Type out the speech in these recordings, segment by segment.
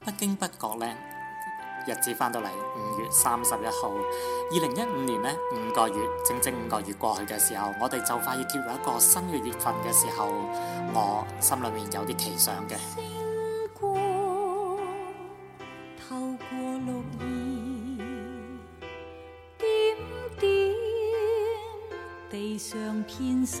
不經不覺呢，日子翻到嚟五月三十一號，二零一五年呢五個月，整整五個月過去嘅時候，我哋就快要進入一個新嘅月份嘅時候，我心裏面有啲奇想嘅。星光透過綠意，點點地上片沙。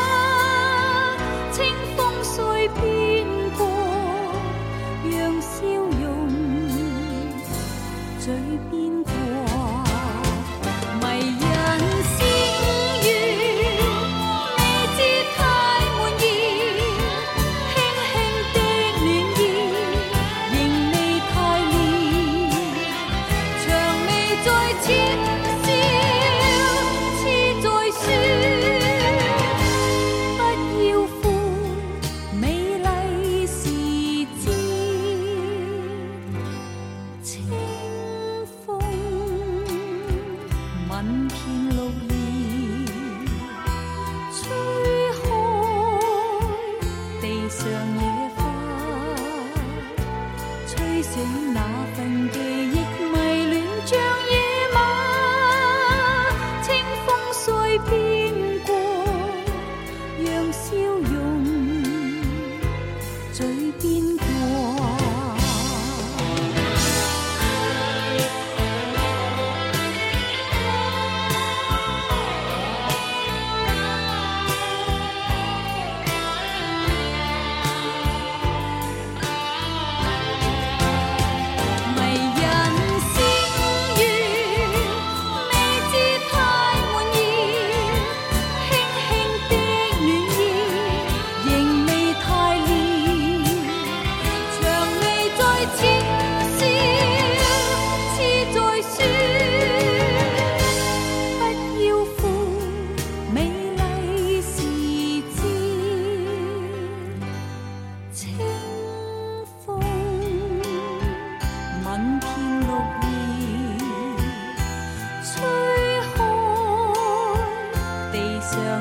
清風隨邊過，讓笑容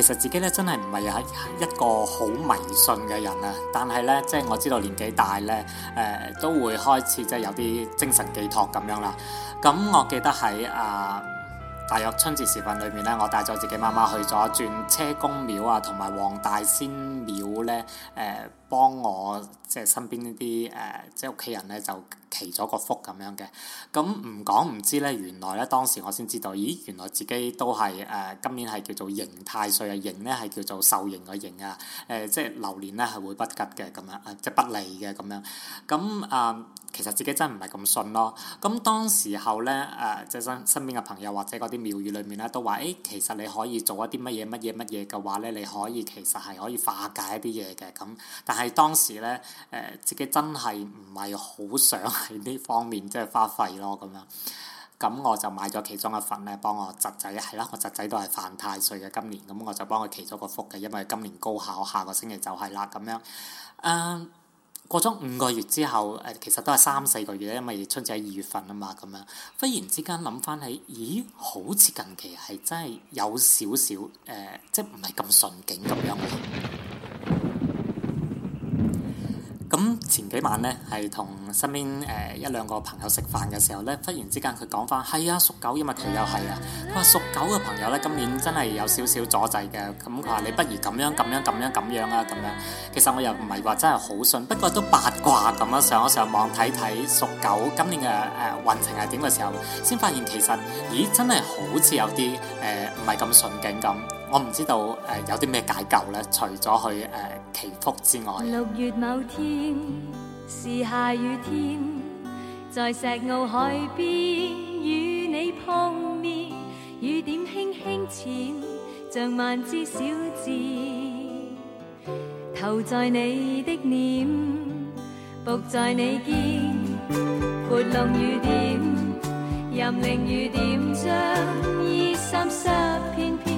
其實自己咧真係唔係一一個好迷信嘅人啊，但係咧即係我知道年紀大咧，誒、呃、都會開始即係有啲精神寄託咁樣啦。咁我記得喺啊、呃，大約春節時分裏面咧，我帶咗自己媽媽去咗轉車公廟啊，同埋黃大仙廟咧，誒、呃。幫我即係身邊、呃、呢啲誒即係屋企人咧就祈咗個福咁樣嘅，咁唔講唔知咧，原來咧當時我先知道，咦，原來自己都係誒、呃、今年係叫做刑太歲啊，刑咧係叫做受刑個刑啊，誒、呃、即係流年咧係會不吉嘅咁樣，誒即係不利嘅咁樣，咁啊、呃、其實自己真係唔係咁信咯，咁當時候咧誒即係身身邊嘅朋友或者嗰啲廟宇裏面咧都話，誒、欸、其實你可以做一啲乜嘢乜嘢乜嘢嘅話咧，你可以其實係可以化解一啲嘢嘅咁，但係當時咧，誒、呃、自己真係唔係好想喺呢方面即係花費咯咁樣，咁我就買咗其中一份咧，幫我侄仔，係啦、啊，我侄仔都係犯太歲嘅今年，咁我就幫佢祈咗個福嘅，因為今年高考下個星期就係啦，咁樣。誒、呃、過咗五個月之後，誒、呃、其實都係三四個月，因為春節係二月份啊嘛，咁樣。忽然之間諗翻起，咦，好似近期係真係有少少誒、呃，即係唔係咁順景咁樣。前幾晚咧，係同身邊誒、呃、一兩個朋友食飯嘅時候咧，忽然之間佢講翻，係啊，屬狗，因為佢又係啊。佢話屬狗嘅朋友咧，今年真係有少少阻滯嘅。咁佢話你不如咁樣咁樣咁樣咁樣啊，咁樣。其實我又唔係話真係好信，不過都八卦咁啊，上一上網睇睇屬狗今年嘅誒運程係點嘅時候，先發現其實，咦，真係好似有啲誒唔係咁順景咁。我唔知道誒、呃、有啲咩解救咧，除咗去誒、呃、祈福之外。六月某天天，是下雨雨雨雨天在在在石澳海邊與你你你碰面，雨點點，點輕輕淺，像萬枝小箭投在你的臉，伏在你肩，撥弄雨點，任令雨點將衣衫濕片片.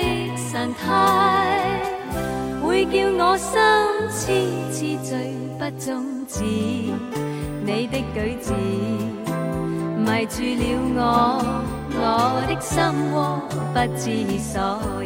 難猜，會叫我心痴痴醉不終止。你的舉止迷住了我，我的心窩不知所。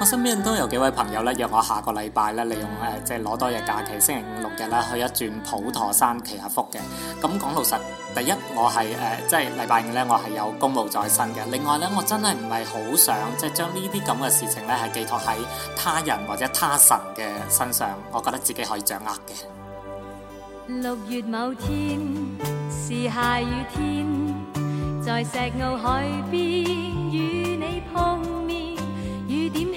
我身邊都有幾位朋友咧，約我下個禮拜咧，利用誒即係攞多日假期，星期五六日咧去一轉普陀山祈下福嘅。咁講老實，第一我係誒即係禮拜五咧，我係有公務在身嘅。另外咧，我真係唔係好想即係將呢啲咁嘅事情咧係寄託喺他人或者他神嘅身上，我覺得自己可以掌握嘅。六月某天是下雨天，在石澳海邊。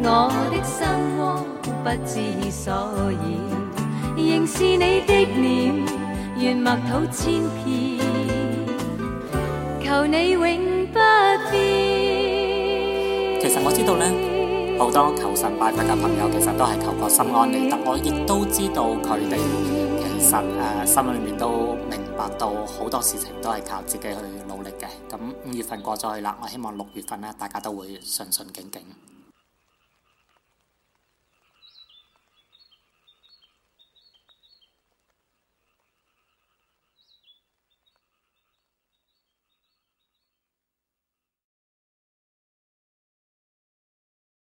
我的心窩不知所以，仍是你的臉，願默土千遍，求你永不變。其實我知道呢，好多求神拜佛嘅朋友，其實都係求過心安理得。我亦都知道佢哋其實誒、呃、心裏面都明白到好多事情都係靠自己去努力嘅。咁五月份過咗去啦，我希望六月份呢，大家都會順順景景。